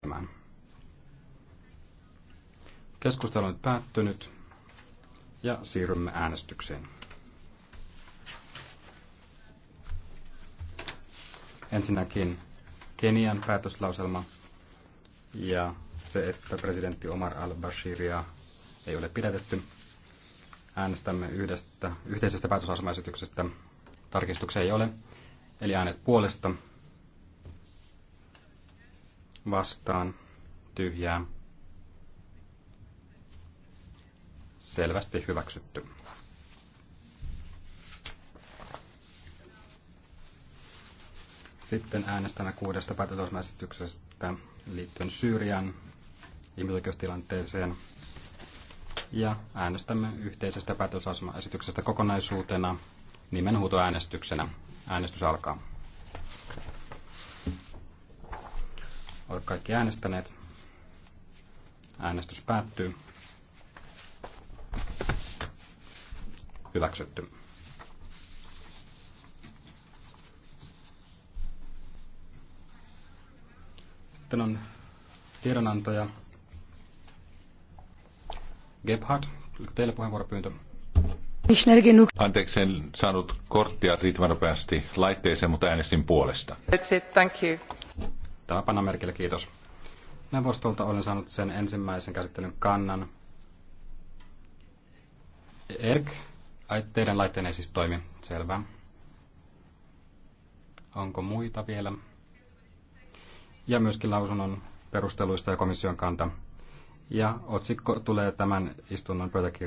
tekemään. Keskustelu on päättynyt ja siirrymme äänestykseen. Ensinnäkin Kenian päätöslauselma ja se, että presidentti Omar al-Bashiria ei ole pidätetty. Äänestämme yhdestä, yhteisestä päätöslauselmaesityksestä. Tarkistuksia ei ole, eli äänet puolesta vastaan tyhjää selvästi hyväksytty. Sitten äänestämme kuudesta päätöslausmaesityksestä liittyen Syyrian ihmisoikeustilanteeseen. Ja äänestämme yhteisestä päätöslausmaesityksestä kokonaisuutena nimenhuutoäänestyksenä. Äänestys alkaa. Olet kaikki äänestäneet. Äänestys päättyy. Hyväksytty. Sitten on tiedonantoja. Gebhard, oliko teille puheenvuoropyyntö? Anteeksi, en saanut korttia riittävän nopeasti laitteeseen, mutta äänestin puolesta. That's it, thank you tämä panna merkille. Kiitos. Neuvostolta olen saanut sen ensimmäisen käsittelyn kannan. Erk, teidän laitteenne siis toimi. Selvä. Onko muita vielä? Ja myöskin lausunnon perusteluista ja komission kanta. Ja otsikko tulee tämän istunnon pöytäkirjaan.